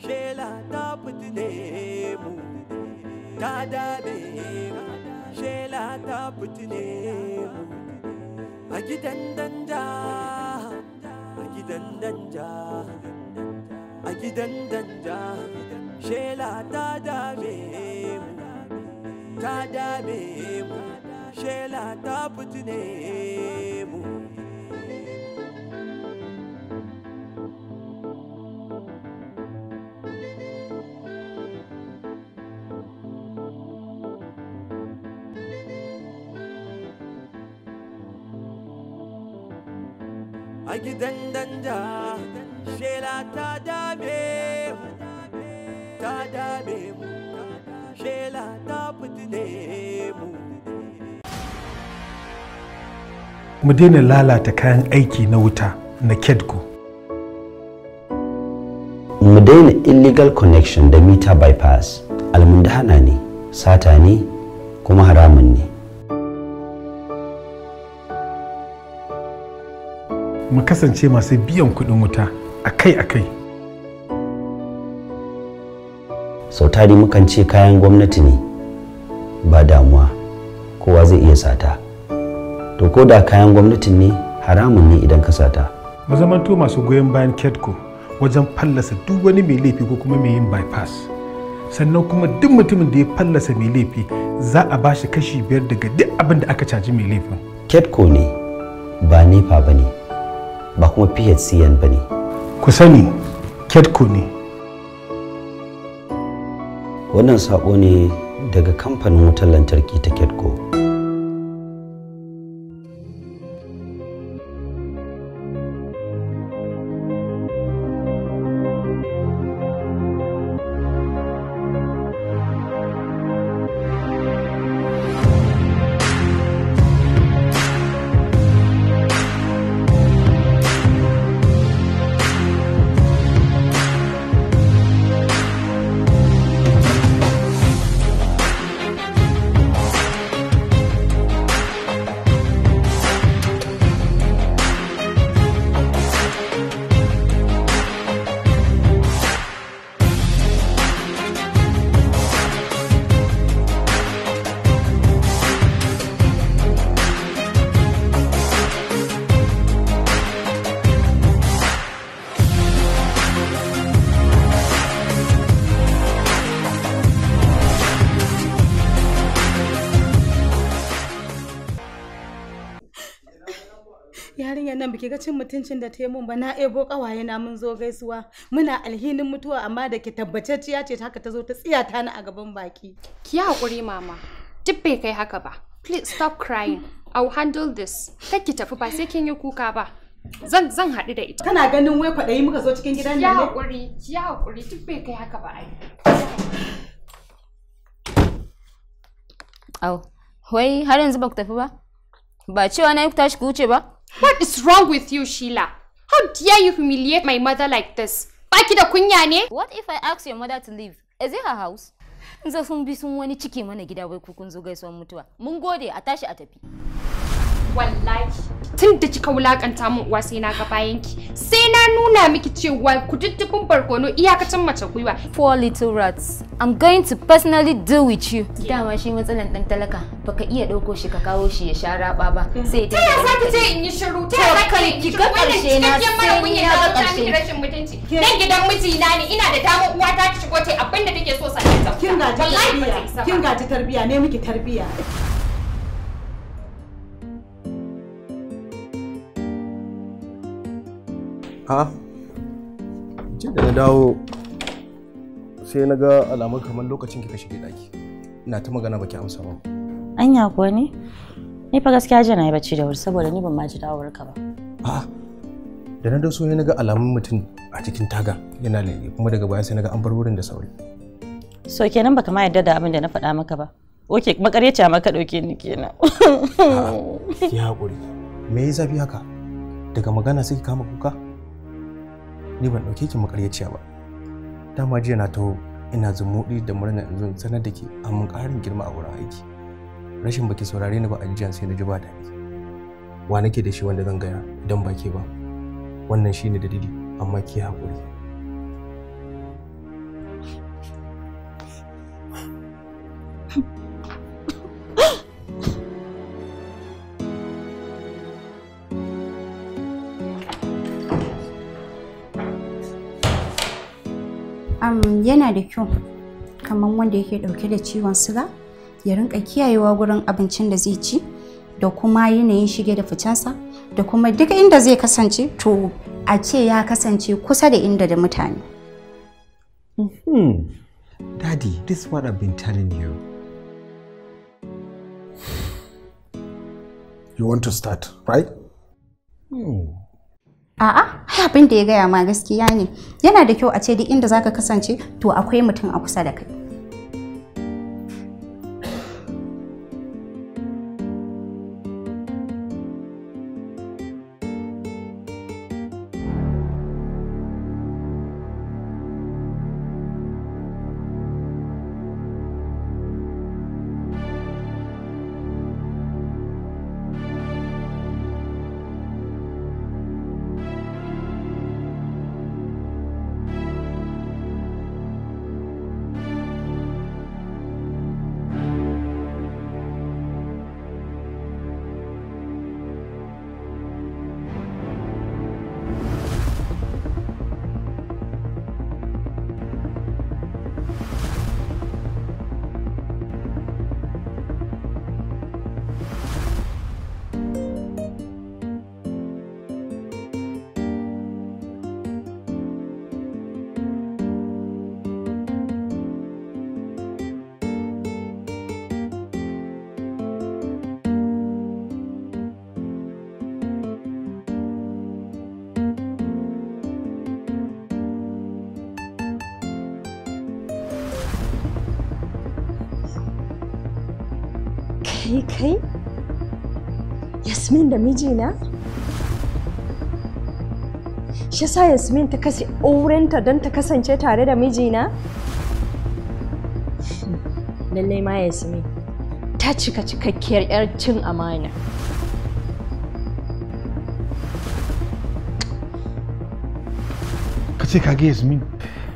shela ta fitine mu ta dame mu shela ta fitine mu a gidan danja a gidan danja a gidan danja shela ta dame mu ta dame mu shela ta fitine mu a gidan ta dame mu daina lalata kayan aiki na wuta na kedgo mu daina illegal connection da meter bypass almundahana ne sata ne kuma haramun ne mu kasance masu biyan kuɗin wuta akai-akai. sau tari mukan ce kayan gwamnati ne ba damuwa kowa zai iya sata to ko da kayan gwamnati ne haramun ne idan ka sata mu zamanto masu goyon bayan ketco wajen fallasa duk wani mai laifi ko kuma mai yin bypass sannan kuma duk mutumin da ya fallasa mai laifi za a bashi kashi biyar daga duk abin da aka caji mai laifin ketco ne ba nefa ba ne ba kuma phcn ba ne ku sani ne wannan saƙo ne daga kamfanin wutar lantarki ta ketco ki ga cin mutuncin da ta yi mun ba na ebo kawaye na mun zo gaisuwa muna alhinin mutuwa amma da ki tabbatacciya ce ta haka ta zo ta ta ni a gaban baki ki hakuri mama duk bai kai haka ba please stop crying i'll handle this kar ki tafi ba sai kin yi kuka ba zan zan haɗu da ita kana ganin wai kwaɗayi muka zo cikin gidan nan ne ki hakuri ki hakuri duk bai kai haka ba ai au wai har yanzu ba ku tafi ba ba cewa na yi ku tashi ku wuce ba What is wrong with you, Sheila? How dare you humiliate my mother like this? Baki da kunya ne? What if I ask your mother to leave? Is it her house? Nza sun bi sun wani ciki mana gida wai ku kun zo gaisuwar mutuwa. Mun gode a tashi a tafi. wallahi tun da kika wulakanta min uwa sai na ga bayan ki sai na nuna miki cewa kududdufin barkono iyakacin mace gwiwa four little rats i'm going to personally deal with you dama shi matsalan dan talaka baka iya dauko shi ka kawo shi ya sha raba ba hmm. sai ta ya saki je in yi shiru ta ya zaki ki ga karshe na sai ni ya ga karshe rashin mutunci nan gidan mijina ne ina da dama uwa ta shigo ce abinda take so sanin ta kin ga tarbiya kin ga tarbiya ne miki tarbiya a ce da na dawo sai na ga alamun kamar lokacin kika shige daki ina ta magana baki amsa ba anya kuwa ne ni fa gaskiya je na yi bacci da wuri saboda ni ban ma ji dawo ka ba a da na doso ne na ga alamun mutum a cikin taga yana lalle kuma daga baya sai na ga an bar wurin da sauri so kenan baka ma yarda da abin da na faɗa maka ba oke makaryaci ma ka ɗauke ni kenan ki haƙuri me yi zafi haka daga magana sai kama kuka ni ban ɗauke ki makaryaciya ba dama jiya na taho ina zumuɗi da murna in sanar da ke mun ƙarin girma a wurin aiki rashin baki saurare ni ba a jiya sai na ji ba daɗi wa nake da shi wanda zan gaya idan ba ke ba wannan shine dalili amma ki haƙuri you. yana da kyau kamar wanda yake dauke da ciwon siga ya rinka kiyayewa gurin abincin da zai ci da kuma yanayin shige da ficensa da kuma duk inda zai kasance to a ce ya kasance kusa da inda da mutane. Hmm. Daddy, this is what I've been telling you. You want to start, right? Hmm. A'a, abin da ya gaya ma gaskiya ne. Yana da kyau a ce duk inda zaka kasance to akwai mutum a kusa da kai. kai yasmin da mijina shi sa yasmin ta kashe aurenta don ta kasance tare da mijina hmm, lallai ma yasmin ta cika cikakkiyar 'yar cin amana ka ce ka ga yasmin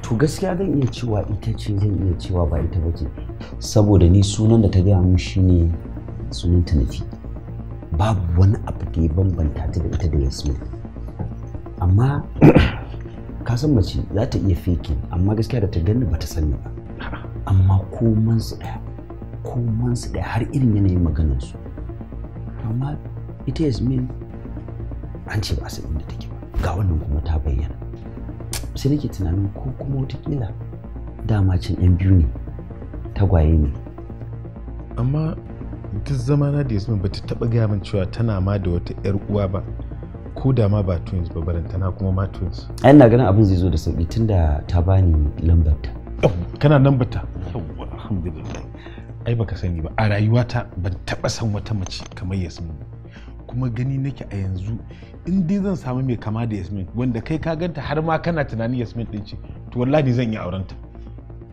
to gaskiya zan iya cewa ita ce zan iya cewa ba ita ba ce saboda ni sunan da ta gaya mun shine sunanta nafi babu wani abu da ya bambanta ta da ita da yasmin amma ka san mace za ta iya fake amma gaskiya da ta gani ba ta sani ba amma koman su daya koman su daya har irin yanayin maganar su amma ita yasmin an ce ba san inda take ba ga wannan kuma ta bayyana sai nake tunanin ko kuma watakila dama cin yan biyu ne tagwaye ne amma duk zamana da yasmin ba ta taɓa gaya min cewa tana ma da wata 'yar uwa ba ko da ma ba twins ba na kuma ma twins ai ina ganin abin zai zo da sauki tunda ta bani lambarta kana lambarta yawwa alhamdulillah ai baka sani ba a rayuwata ban taɓa san wata mace kamar yasmin kuma gani nake a yanzu in dai zan samu mai kama da yasmin wanda kai ka ganta har ma kana tunanin yasmin din ce to wallahi zan yi aurenta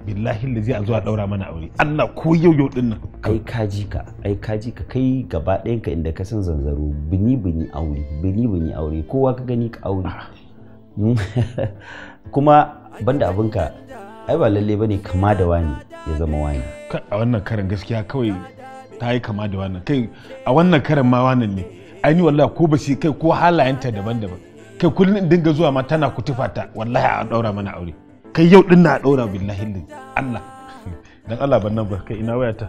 billahi da zai zuwa daura mana aure Allah ko yau yau din nan ai kaji ka ai kaji ka kai gaba ɗayan ka inda ka san zanzaro bini bini aure bini bini aure kowa ka gani ka aure kuma banda ka ai ba lalle bane kama da wani ya zama wani a wannan karan gaskiya kawai ta yi kama da wannan kai a wannan karan ma wannan ne ai ni wallahi ko ba shi kai ko halayenta daban-daban kai kullun dinga zuwa ma tana kutufa ta wallahi a daura mana aure kai yau din na ɗora billahi din Allah dan Allah ban nan ba kai ina waya ta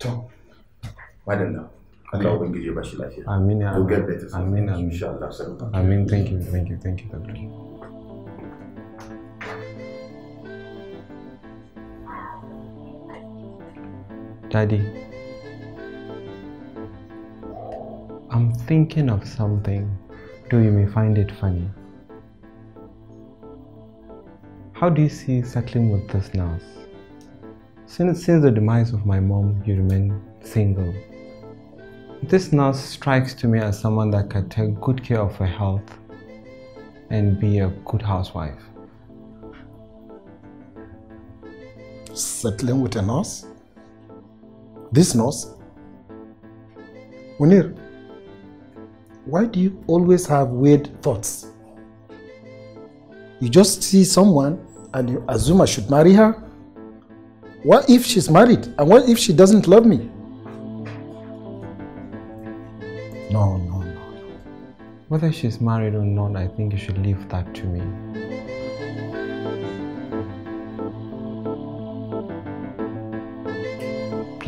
To, madalla, Allah gije ba shi lafiya. Amin ya Amin. Amin. Insha Allah, Amin. Thank you, thank you, thank you, thank you. Daddy, I'm thinking of something, though you may find it funny. How do you see settling with this nurse? Since, since the demise of my mom, you remain single. This nurse strikes to me as someone that can take good care of her health and be a good housewife. Settling with a nurse? this nose? Munir, why do you always have weird thoughts? You just see someone and you assume I should marry her? What if she's married? And what if she doesn't love me? No, no, no. Whether she's married or not, I think you should leave that to me.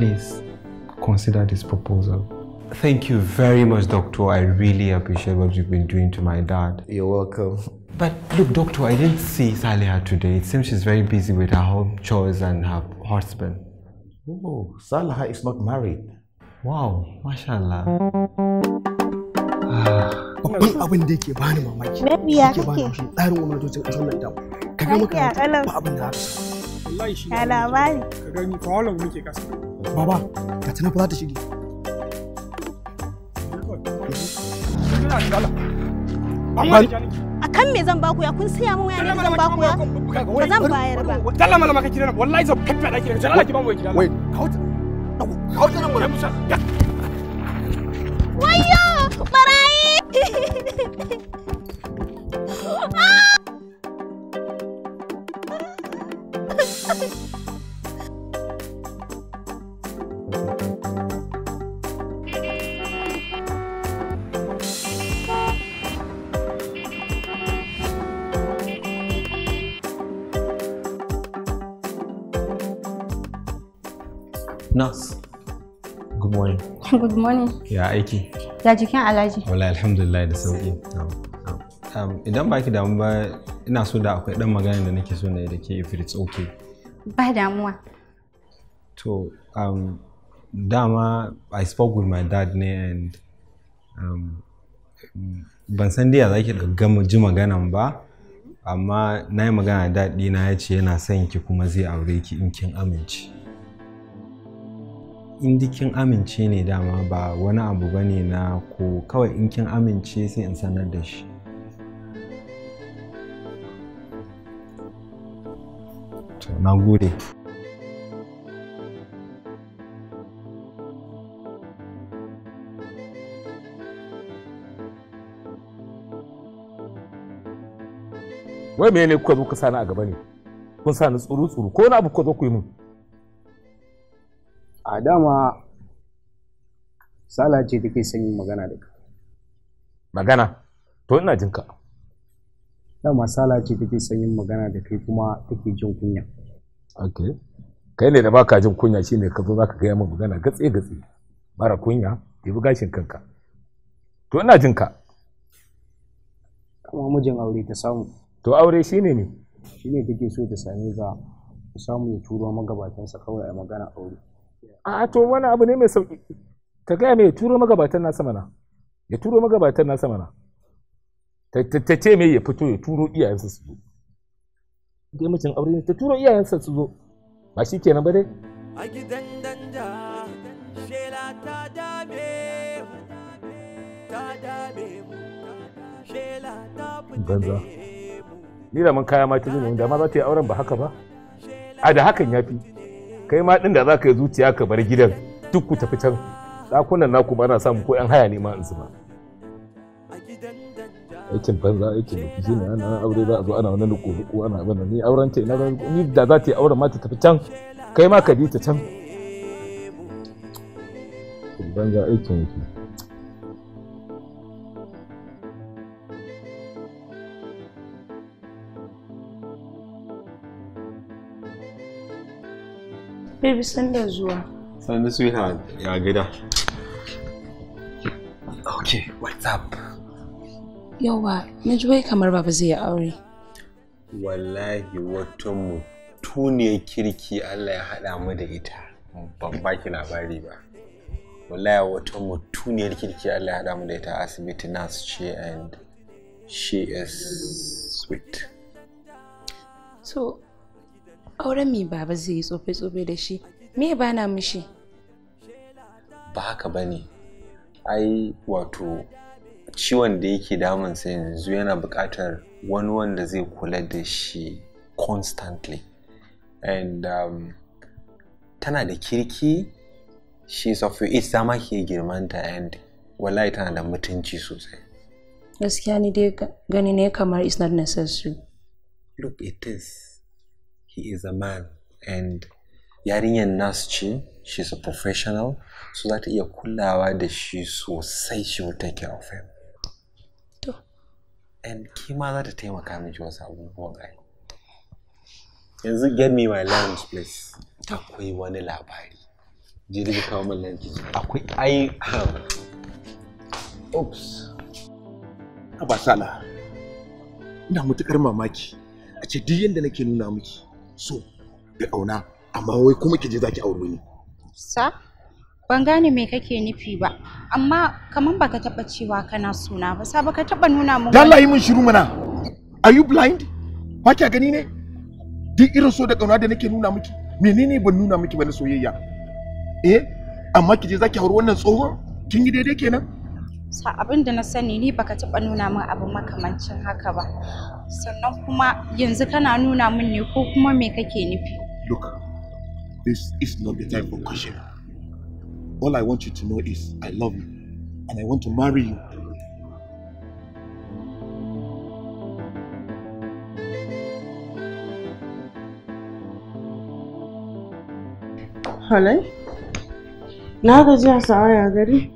please consider this proposal. Thank you very much, Doctor. I really appreciate what you've been doing to my dad. You're welcome. But look, Doctor, I didn't see Salia today. It seems she's very busy with her home chores and her husband. Oh, Saliha is not married. Wow, mashallah. Babban abin I yake bani mamaki. Maybe ya to Tsarin wani rajojin a wannan damu. Ka ga makarantar ba abin da haka. Wallahi shi Baba, ka tana fa ta shige. A kan me zan baku ya kun siya min waya ne zan baku ya? Ba zan bayar ba. Dalla malama ka kira wallahi zan faffa da kira. Jalla ki ba mu kira. Wai, kauta. Kauta nan mun. Wayyo, barayi. Ah! Good morning. Ya aiki. Ya jikin Alhaji. Wala alhamdulillah da sauki. Idan baki damu ba ina so da akwai dan magana da nake so na yi da ke if it's okay. Ba damuwa. To um, dama I spoke with my dad ne and um, ban san dai za ki gama ji maganan ba amma na yi magana da dadi na ya ce yana son ki kuma zai aure ki in kin amince. in kin amince ne dama ba wani abu ba ne na ko kawai in kin amince sai in sanar da shi na gode wai ne kuka zo ka sani a gaba ne kun sani tsuru tsuru ko na abu kuka zo ku yi mun a dama sala ce take son yin magana da magana to ina jin ka dama sala ce take son yin magana da kai kuma take jin kunya okay kai ne da baka jin kunya shine ka zo zaka gaya min magana gatse gatse mara kunya ɗebi gashin kanka to ina jin ka kuma mijin aure ta samu to aure shine ne shine take so ta same ka samu ya turo magabatansa kawai a magana aure a to wani abu ne mai sauki Ta gaya mai ya turo magabatan nasa mana ya turo magabatan nasa mana ta ce mai ya fito ya turo iyayensa su zo dai mutum aure ne ta turo iyayensa su zo ba shi kenan ba dai a gidan danda shela ta dame ta dame mu shela ta banza ni da mun kaya ma ta zo da ma za ta yi auren ba haka ba a da hakan ya fi kai ma ɗin da za ka yi zuciya ka bar gidan duk ku tafi can ɗakunan naku ba na samu ko 'yan haya ne ma in zuba. aikin banza aikin da shi ne ana aure za a zo ana wani luku-luku ana abin ni auren ta ina ni da za ta yi auren ma ta tafi can kai ma ka bi ta can banza aikin wuce Baby send us one. Send Sannu sweetheart Yeah, get up. Okay, what's up? Yawa, na ji wai kamar baba zai yi aure. Wallahi wata mutuniyar kirki Allah ya haɗa mu da ita. Ban baki labari ba. Wallahi wata mutuniyar kirki Allah ya haɗa mu da ita asibiti nurse ce and she is sweet. So, auren mi baba zai yi tsofe-tsofe da shi me ba na mishi ba haka ba ne ai wato ciwon da yake damunsa yanzu yana bukatar wani wanda zai kula da shi constantly and um, tana da kirki shi sofi it ta ke girmanta and wallahi tana da mutunci sosai gaskiya ni dai gani ne kamar is not necessary look it is he is a man and yarinyar nasu ce she's a professional so za ta iya kulawa da shi sosai she will take care of him to and kima za ta taimaka miki wasu abubuwan ai yanzu get me my lunch please akwai wani labari jiri ka kawo min lunch akwai ai oops abasala ina mutukar mamaki a ce duk yadda nake nuna miki so da ƙauna amma wai kuma ki je za ki aure ni. Sa? Ban gane me kake nufi ba, amma kaman baka taɓa cewa kana suna ba, sa baka taɓa nuna mun. Dalla yi min shiru mana. Are you blind? Ba kya gani ne? Duk irin so da ƙauna da nake nuna miki, menene ban nuna miki ba na soyayya? Eh, amma ki je za ki aure wannan tsohon? Kin yi daidai kenan? abin da na sani ni baka taɓa nuna min abu makamancin haka ba sannan kuma yanzu kana nuna min ne ko kuma me kake nufi look this is not the time for question all i want you to know is i love you and i want to marry you Halai? Na gaji a sa'aya gari.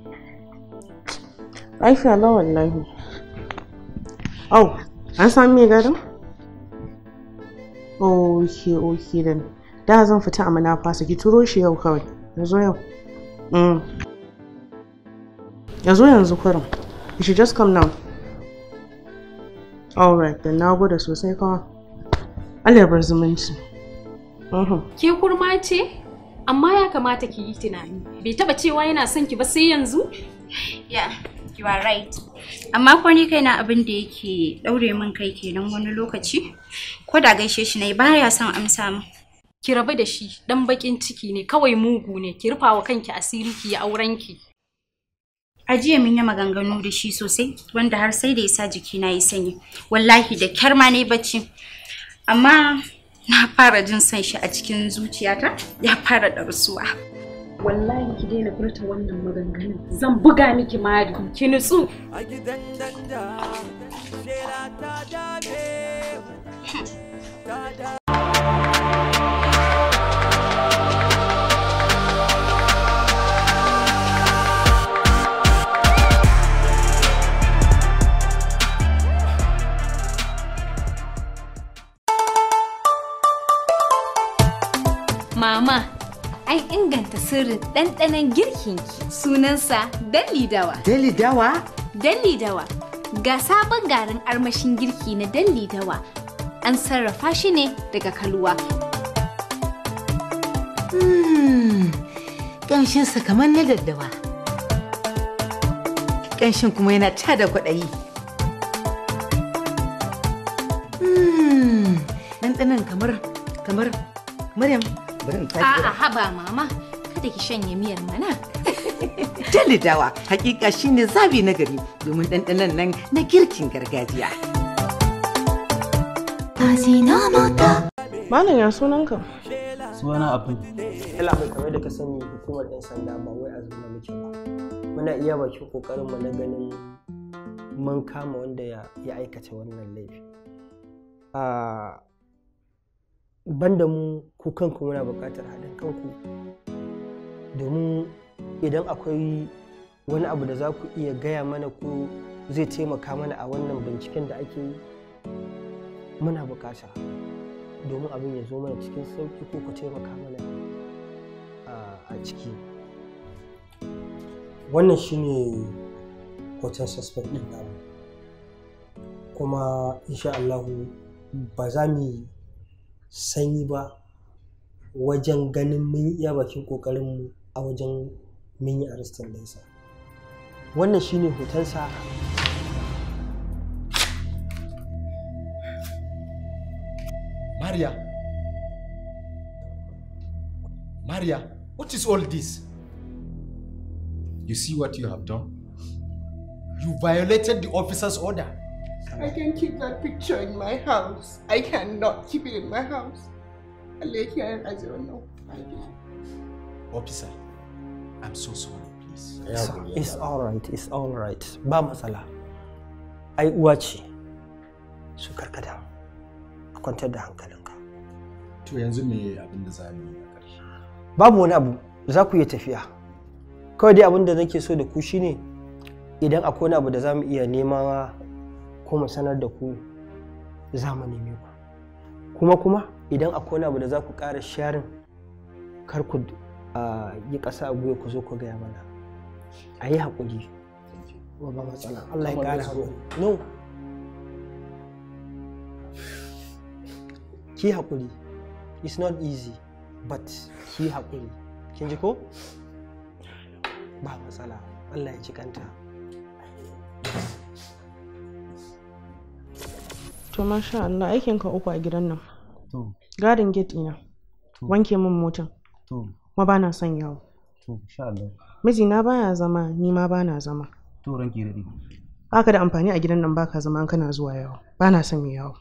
Lafiya na wallahi. Au, an sami mai garin? Ok, ok dan. Da zan fita a manafa ki turo shi yau kawai. Yanzu yau. Mm. Yanzu yanzu kurin. You should just come now. All right, then na gode sosai kawai. Allah ya bar zumunci. Mm-hmm. Ke kurma ce? Amma ya kamata ki yi tunani. Bai taba cewa yana son ki ba sai yanzu? Ya. you are right amma ko ni kaina abin da yake daure min kai kenan wani lokaci ko da gaishe shi ne baya son amsa min ki rabu da shi dan bakin ciki ne kawai mugu ne ki rufawa kanki asiri ki yi auren ki ajiye min yi maganganu da shi sosai wanda har sai da yasa jiki na yi sanyi wallahi da kyar ma ne bacci amma na fara jin son shi a cikin zuciyata ya fara darsuwa. wallahi ki daina furta wannan maganganun zan buga miki mari ki nutsu a gidan ta Mama, an inganta sirrin ɗanɗanon girkinki. Sunansa Dali Dawa. Dali Dawa? Dali Dawa. Ga sabon garin armashin girki na Dali Dawa. An sarrafa shi ne daga Kaluwa. kalwa. Hmm, sa kamar na daddawa. Ƙanshin kuma yana ta da kwaɗayi. Hmm, ɗanɗanon kamar, kamar, Maryam. bari ba a'a mama kada ki shanye miyar mana jalidawa hakika shine zabi na gari domin ɗanɗanon nan na girkin gargajiya Malam ya sunanka? Suna abin. Ila mai kamar da ka sani hukumar 'yan sanda ba wai a zuna muke ba. Muna iya bakin kokarin mu na ganin mun kama wanda ya aikata wannan laifi. Ah, banda mu ku kanku muna buƙatar haɗin kanku domin idan akwai wani abu da za ku iya gaya mana ko zai taimaka mana a wannan binciken da ake yi muna buƙata domin abin ya zo mana cikin sauƙi ko ku taimaka mana ah, a ciki wannan shine hoton suspect ɗin kuma insha Allah ba za mu sanyi ba wajen ganin mun iya bakin ƙoƙarinmu a wajen mun yi aristan nesa wannan shine hotonsa Maria Maria what is all this you see what you have done you violated the officer's order I can keep that picture in my house. I cannot keep it in my house. I lay here as you know. Officer, I'm so sorry, Yeah, it's alright, it's alright. Ba matsala. Ai uwa ce. Su karkata. a kwantar da hankalinka. To yanzu me abin da za mu yi a ƙarshe? Babu wani abu, za ku iya tafiya. Kawai dai abin da nake so da ku shine idan akwai wani abu da za mu iya nema ko mu sanar da ku za mu neme ku kuma kuma idan akwai abu da za ku ƙara sharin kar ku yi ƙasa a gwiwa ku zo ku gaya mana a yi haƙuri ba ba matsala Allah ya ƙara haƙuri no ki haƙuri it's not easy but ki haƙuri kin ji ko ba matsala Allah ya ci kanta to masha Allah aikin ka uku a gidan nan to gadin gate ina wanke min motan to ma ba na son yawo to insha Allah baya zama ni ma na zama to ranki baka da amfani a gidan nan baka zama an kana zuwa yawo Ba na son yawo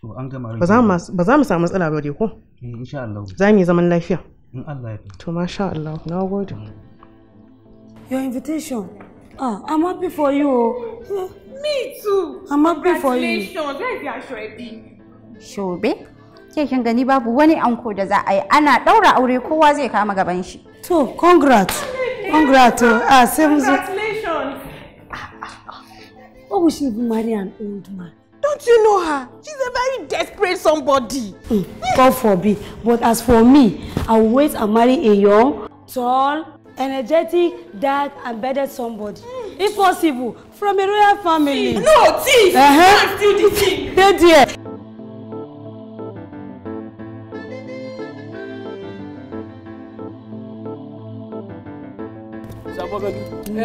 to an gama ba za mu ba za mu samu matsala ba dai ko eh insha Allah za mu yi zaman lafiya in Allah ya to masha Allah na gode your invitation ah i'm happy for you Me too. I'm happy for you. Congratulations. Where is your aṣọ ẹbí? Shobe. Ke kin gani babu wani anko da za a yi ana daura aure kowa zai kama gaban shi. To, congrats. Congrats. Oh. Ah, sai mu zo. Congratulations. What will she be marry an old man? Don't you know her? She's a very desperate somebody. Mm, God forbid. But as for me, I will wait and marry a young, tall, energetic, dark, and better somebody. Mm. if possible from a royal family. no thief uh -huh. man steal the thing. dear! Mm.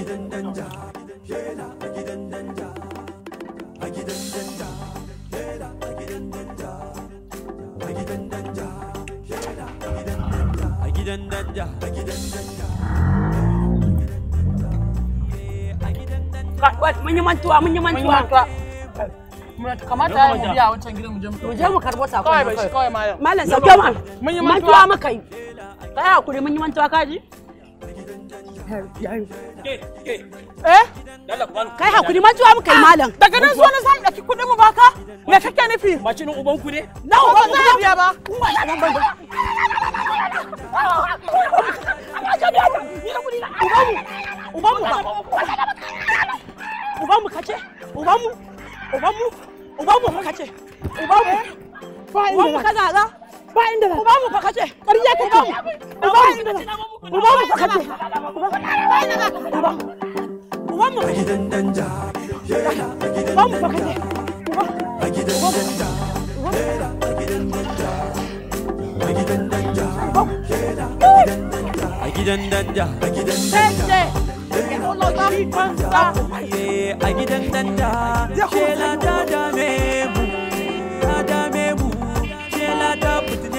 Eh, mun a gidan mun a gidan a gidan danja, a gidan danja, tela a gidan a gidan danja, a gidan danja. Mun yi mantuwa, mun yi mantuwa. kamata ya biya wancan gidan mu je mu karbo sakon kawai malam sauke mu mun yi mantuwa muka yi kai hakuri mun yi mantuwa kaji Eh? Kai hakuri mantuwa muka malam. Daga nan zuwa na zan ɗauki kuɗin mu baka? Me kake nufi? Macinin uban ku ne? Na uban ku ne biya ba. Wala nan ban. Ubanmu. Ubanmu ba. Ubanmu kace? Ubanmu. Ubanmu. mu kace? Ubanmu. Ubanmu ka eh? zaga? ba inda za ba mu fa kace ba mu inda za ba mu ba inda za ba ba a gidan danja a gidan danja a gidan danja a gidan danja a gidan danja a gidan danja a gidan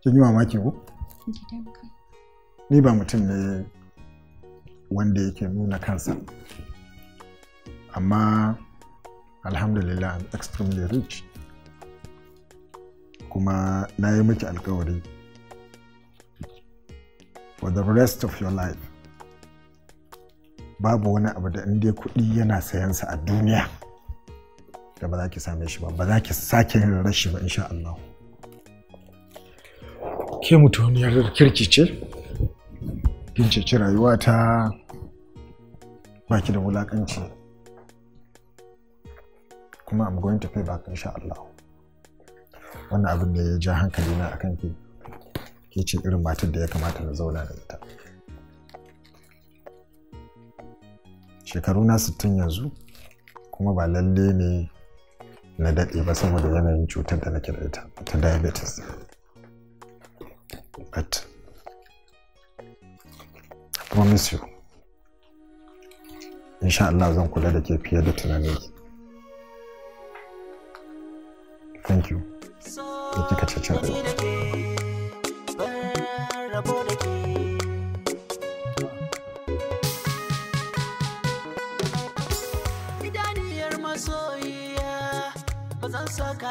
kin yi mamaki ko ni ba mutum ne wanda yake nuna kansa amma alhamdulillah i'm extremely rich kuma na yi miki alkawari for the rest of your life babu wani abu da inda kuɗi yana sayansa a duniya da ba za ki same shi ba ba za ki sake yin rashi ba insha Allah ke mutuniyar kirki ce kin rayuwa ta baki da wulakanci kuma I'm going to pay back insha Allah wannan abin da ya ja hankali na akan ki ke ce irin matar da ya kamata na zauna da ita shekaru na sittin yanzu kuma ba lalle ne na daɗe ba saboda yanayin cutar da nake da ita ta diabetes promise you, insha Allah zan kula da ke fiye da tunani. Thank you. kika cece saka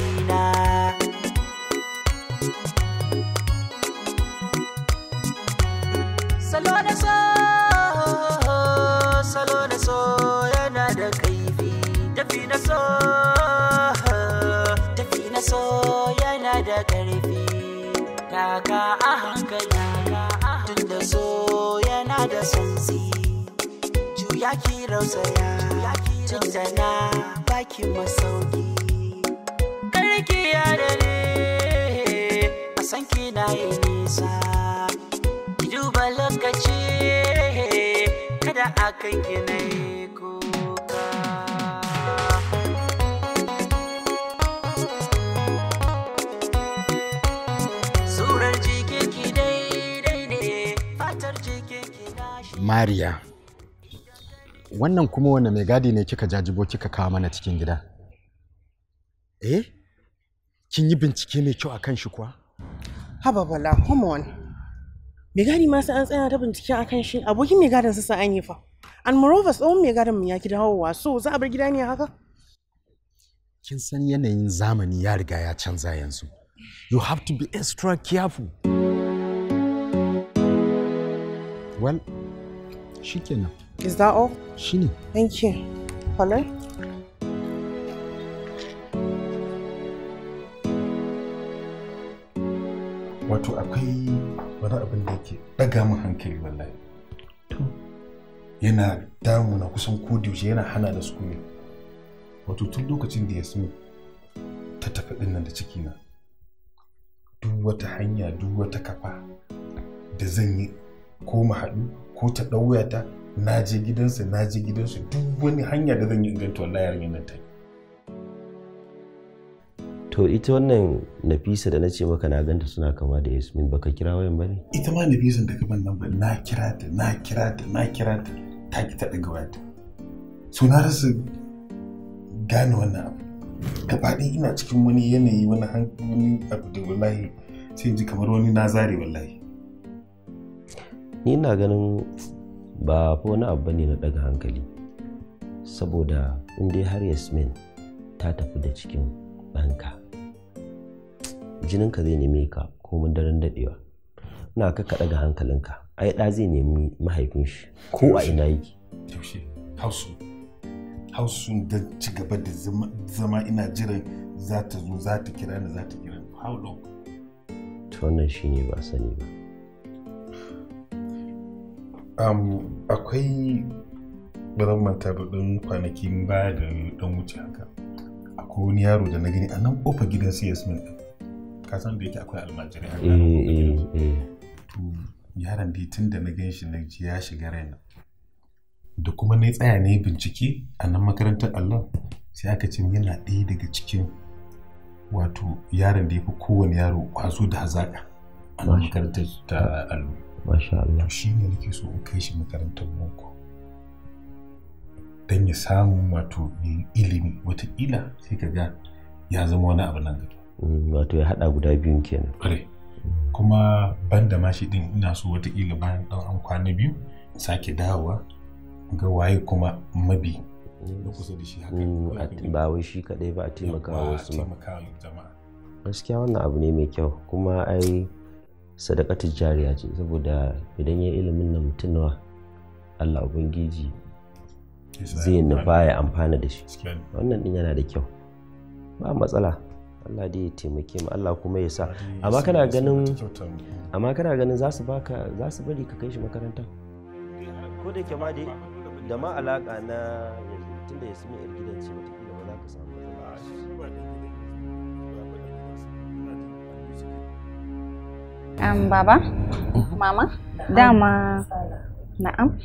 taka a hankali tun da so yana da sanzi juya ki rausaya tun da na baki masauki karki ya dare a san ki na yi nisa ki duba lokaci kada a kan ki na yi mariya wannan kuma wanda mai gadi ne kika jajibo kika kawo mana cikin gida eh kin yi bincike mai kyau akan shi kuwa haba bala come on mai gadi ma sai an tsaya ta bincike akan shi abokin mai gadin sa an yi fa and moreover tsohon mai gadin mu ya ki dawowa so za a bar gida ne haka kin san yanayin zamani ya riga ya canza yanzu you have to be extra careful well Shikenan. Is that all? ne Thank you. Wato akwai wani abin da yake ɗaga min hankali wallahi. Yana damu na kusan kodiyoshi yana hana da su sukuni. Wato tun lokacin da ya sun ta tafi din nan da cikina. Duk wata hanya duk wata kafa da zan yi ko mu haɗu ko ta ɗau ta na je gidansa na je gidansa duk wani hanya da zan yi inganta wallahi yarinyar nan ta to ita wannan nafisa da na ce maka na ganta suna kama da yasmin baka kira wayan ba ne ita ma nafisan da kaban nan ba na kira ta na kira ta na kira ta ta ki ta daga wata so na rasa gane wannan abu gaba ina cikin wani yanayi wani hankali wani abu da wallahi sai ji kamar wani na zare wallahi ni ina ganin ba fa wani abu ne na daga hankali saboda in dai har yasmin ta tafi da cikin ɗanka jininka zai neme ka mun daren daɗewa na ka ka daga hankalinka ai ɗa zai nemi mahaifin shi ko a ina yake yaushe hausu hausu da ci gaba da zama ina jiran za ta zo za ta kira ni za ta kira how long to wannan shine ba sani ba um, akwai bazan manta da ɗan kwanakin baya da ɗan wuce haka akwai wani yaro da na gani a nan ƙofar gidan cs min ka san da yake akwai almajirai mm, mm, mm. to yaron da tun da na ganshi na ji ya shiga raina da kuma na tsaya ne bincike a nan makarantar allah sai aka ce yana ɗaya daga cikin wato yaron da ya fi kowane yaro kwazo da hazaƙa a nan makarantar ta allo Masha Allah. Shi ne nake so in kai shi makarantar boko. Don ya samu wato ilimi watakila sai ka ga ya zama wani abu nan gaba. Mm, wato ya haɗa guda biyun kenan. Kare. Mm. Kuma ban da mashi ɗin ina so ila bayan ɗan an kwana biyu sake dawowa ga waye kuma mabi. Mm, ba wai shi kaɗai ba a taimaka wasu ma. Gaskiya wannan abu ne mai kyau kuma ai sadakatu jariya ce saboda idan ya ilimin nan mutum nawa Allah ubangiji zai nufa ya amfana da shi wannan din yana da kyau ba matsala Allah dai ya taimake mu Allah kuma ya sa amma kana ganin amma kana ganin za su baka za su bari ka kai shi makaranta ko da yake ma dai da ma alaka na yanzu tunda ya sumi yar gidan ce Um, baba, mama, dama, na'am,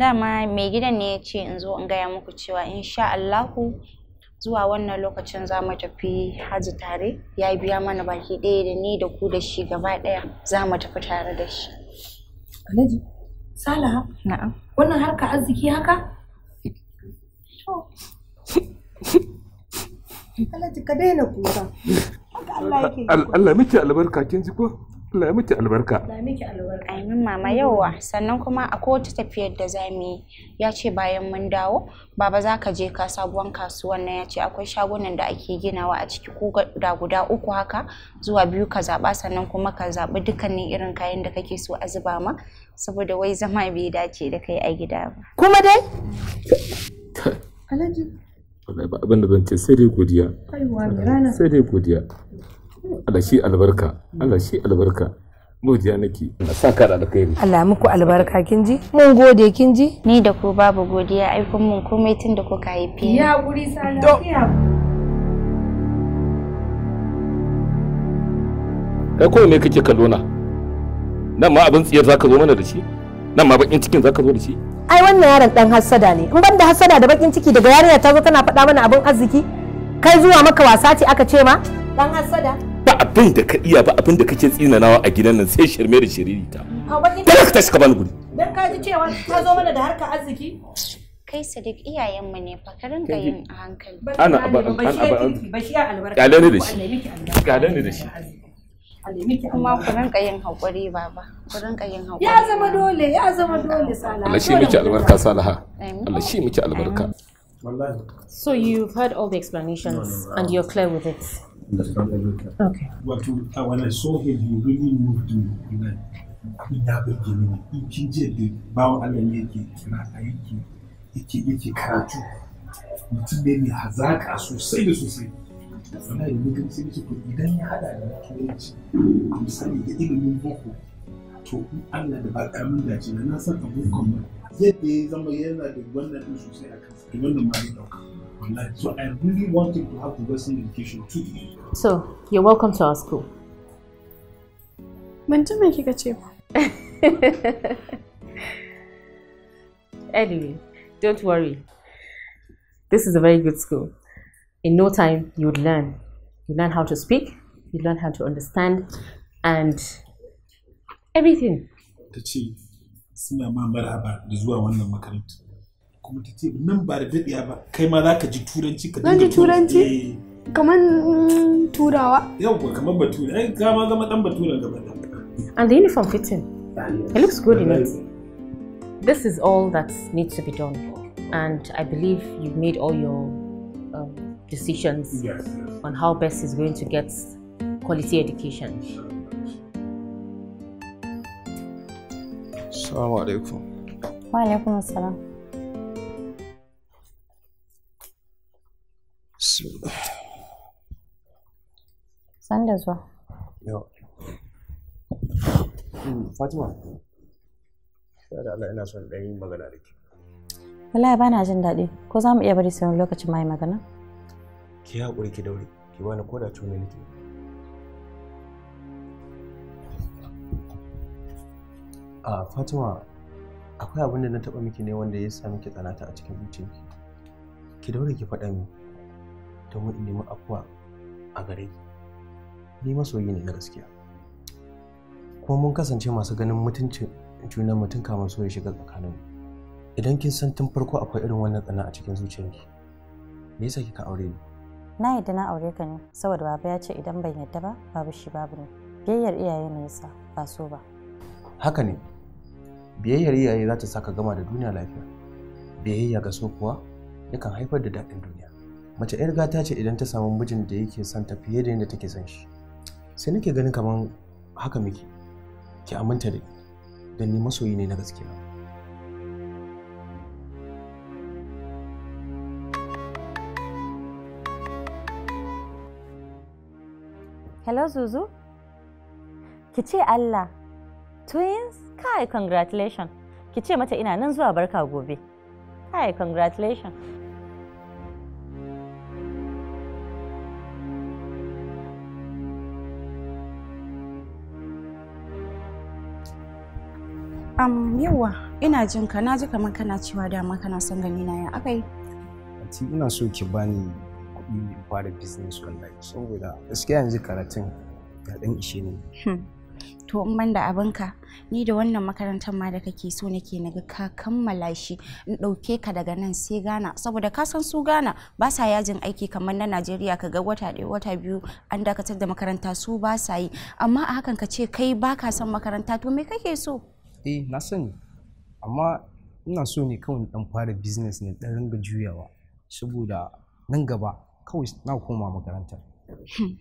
dama mai gidan ne ya ce in zo in gaya muku cewa insha Allahu zuwa wannan lokacin za mu tafi hajji tare ya biya mana baki ɗaya da ni da ku da shi gaba ɗaya za mu tafi tare da shi. Alhaji, Salaha, na'am. Wannan harka arziki haka? Alhaji ka daina Allah albarka kin ji ko? Allah ya miki albarka. Allah ya Amin mama yauwa sannan kuma a kowace tafiyar da za yi ya ce bayan mun dawo baba za ka je ka sabuwan kasuwan nan ya ce akwai shagunan da ake ginawa a ciki ko da guda uku haka zuwa biyu ka zaɓa sannan kuma ka zaɓi dukkanin irin kayan da kake so a zuba ma saboda wai zama bai dace da kai a gida ba. Kuma dai? Alhaji. abin da zan ce sai dai godiya. Sai dai godiya. Allah shi albarka Allah shi albarka Mujiya nake Allah sa ka da alkhairi Allah muku albarka kin ji mun gode kin ji ni da ku babu godiya ai kun mun komai tun da kuka haife ni ya guri sa lafiya kai ko me kake kallo na nan ma abin tsiyar zaka zo mana da shi nan ma bakin cikin zaka zo da shi ai wannan yaron dan hassada ne in ban da hassada da bakin ciki daga yarinya ta zo tana faɗa mana abin arziki kai zuwa maka wasa ce aka ce ma dan hassada ba abin da ka iya ba abin da kake tsinanawa a gidan nan sai shirme da shiriri ta dole ka tashi ka bani guri dan ka ji cewa ta zo mana da harkar arziki kai sadiq iyayenmu ne fa ka ringa yin a hankali ana ba ana ba bashi ya albarka kale ne da shi kale ne da shi kuma ku rinka yin hakuri baba ku rinka yin hakuri ya zama dole ya zama dole salaha Allah shi miki albarka salaha Allah shi miki albarka So you've heard all the explanations and you're clear with it. understand everything. Okay. But when I saw him, he really moved me. Like, abin ya burge ni in kin je da bawan Allah ne yake kira a yake yake yake karatu mutum ne mai hazaka sosai da sosai wanda ya mutum sai ce ko idan ya hada da turanci da He boko to Allah da ba ƙaramin dace na san abokan ba yadda ya zama yana da wannan ɗin sosai a kansa da wannan ma ya ɗauka online so i really wanted to have the western education too so you're welcome to our school ban ji me kika ce anyway don't worry this is a very good school in no time you'd learn you learn how to speak you learn how to understand and everything the chief suna ma maraba da zuwa wannan makaranta kuma ta ce nan ba da daɗiya ba kai ma za ka ji turanci ka dinga turanci eh. kamar mm, turawa yawwa kamar bature ai ka ma zama dan bature gaba and the uniform fitting it looks good in it this is all that needs to be done and i believe you've made all your um, decisions yes, yes. on how best is going to get quality education Assalamu alaikum. Wa alaikum assalam. San da zuwa. Yau. Hmm, Fatima. Sai da Allah ina son ɗan magana da ke. Wallahi ba jin daɗi. Ko za mu iya bari sai wani lokacin mai yi magana? Ki haƙuri ki daure. Ki bani koda da tuni nake. a fatima akwai abin da na taba miki ne wanda ya sa miki tsanata a cikin zuciyarki ki daure ki faɗa min domin in nemi afuwa a gare ki ni masoyi ne na gaskiya kuma mun kasance masu ganin mutuncin juna mutum kamar so ya shiga tsakanin idan kin san tun farko akwai irin wannan tsana a cikin zuciyarki me yasa kika aure ni na yadda na aure ka ne saboda baba ya ce idan ban yadda ba babu shi babu ne biyayyar iyaye ne yasa ba so ba haka ne biyayyar iyaye za ta saka gama da duniya lafiya biyayya ga so kuwa yakan haifar da daɗin duniya mace 'yar gata ce idan ta samu mijin da yake son ta fiye da yadda take son shi sai nake ganin kamar haka miki ki aminta da don ni masoyi ne na gaskiya hello zuzu ki ce allah twins kai congratulation ki ce mata ina nan zuwa barka gobe kai congratulation Um, yawa ina jin ka na ji kamar kana cewa dama kana son gani na ya akai ati ina so ki bani kuɗi in fara business wallahi saboda gaskiya yanzu karatun ya dan ishe hmm. to in ban da abinka ni da wannan makarantar ma da kake so nake naga ka kammala shi in ɗauke ka daga nan sai gana saboda ka san su gana ba sa yajin aiki kamar na najeriya ka ga wata ɗaya wata biyu an dakatar da makaranta su ba sa yi amma a hakan ka ce kai ba ka son makaranta to me kake so eh na sani amma ina so ne kawai dan fara business ne dan ringa juyawa saboda nan gaba kawai na koma makaranta hmm.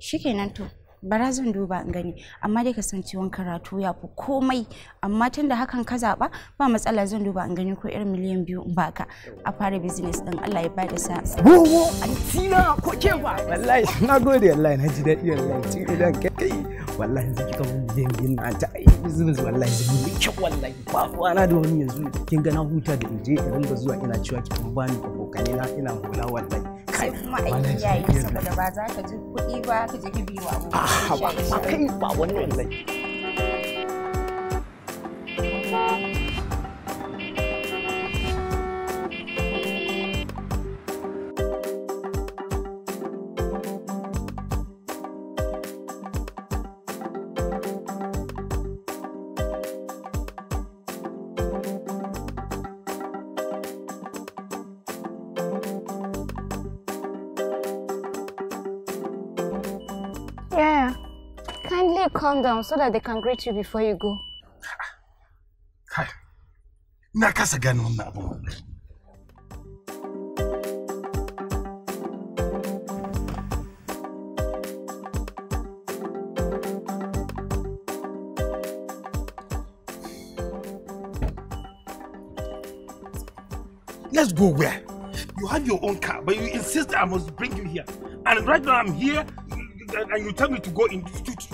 shikenan to bara zan duba in gani amma dai wani karatu ya fi komai amma tun da hakan ka zaɓa ba matsala zan duba in gani ko irin miliyan biyu in baka a fara business din Allah ya bada sa wowo antina ko ke ba wallahi na gode wallahi na ji daɗi wallahi ci idan kai wallahi zan kika mun biyan biyan na ta ai business wallahi zan yi kyau wallahi ba kwana da wani yanzu kin ga na huta da inje in ringa zuwa ina cewa ki bani abokanai na ina hula wallahi sai yayi saboda ba za ka ji kuɗi ba ka je ka biwa ba kai ba wannan down so that they can greet you before you go. Kai, na kasa gane wannan Let's go where? You have your own car, but you insist I must bring you here. And right now I'm here, and you tell me to go in to, to,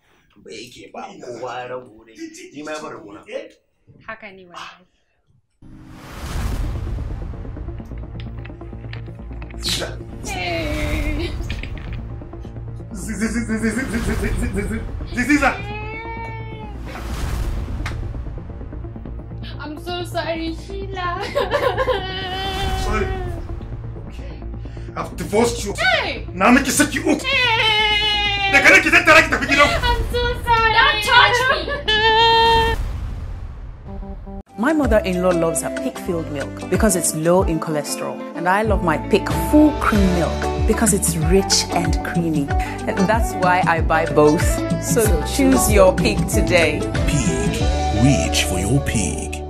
I'm so sorry, Sheila. sorry. Okay. I've divorced you. Hey! Now make you set you up. Hey! I get don't touch me! My mother-in-law loves her pig-filled milk because it's low in cholesterol. And I love my pig full cream milk because it's rich and creamy. And that's why I buy both. So, so choose your pig today. Pig. Reach for your pig.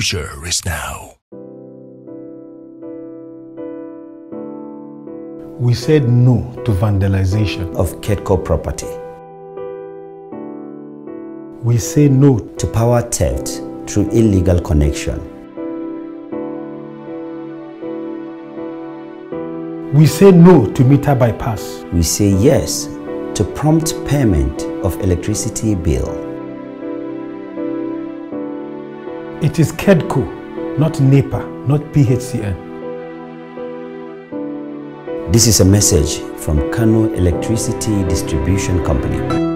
future is now. We said no to vandalization of Ketco property. We say no to power theft through illegal connection. We say no to meter bypass. We say yes to prompt payment of electricity bill. It is KEDCO, not NEPA, not PHCN. This is a message from Kano Electricity Distribution Company.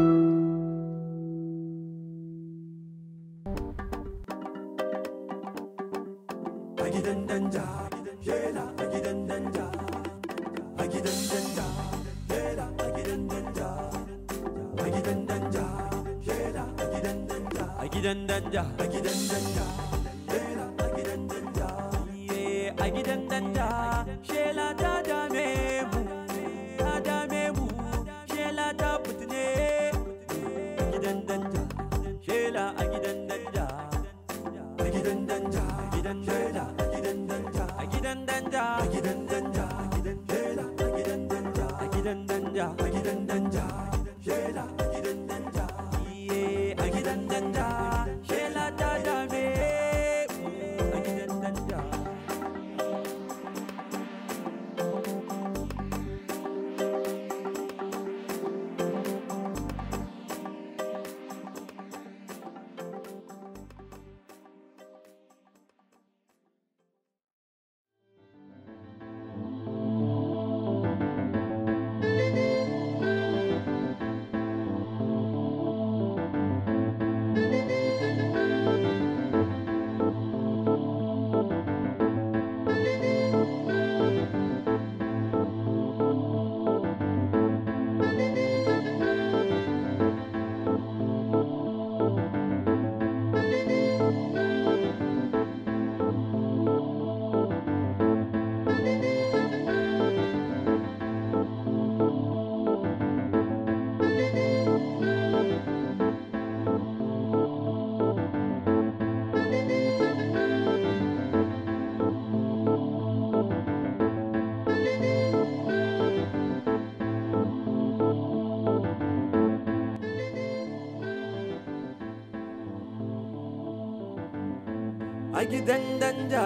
a gidan danja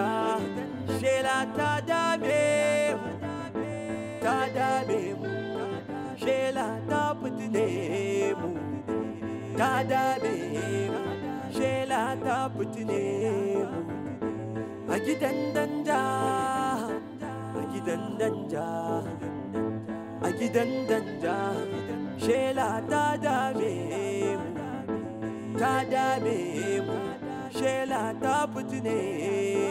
shela ta dame mu ta dame mu shela ta fitine mu ta dame mu shela ta fitine mu a gidan danja a gidan danja a gidan danja shela ta dame chela taputine.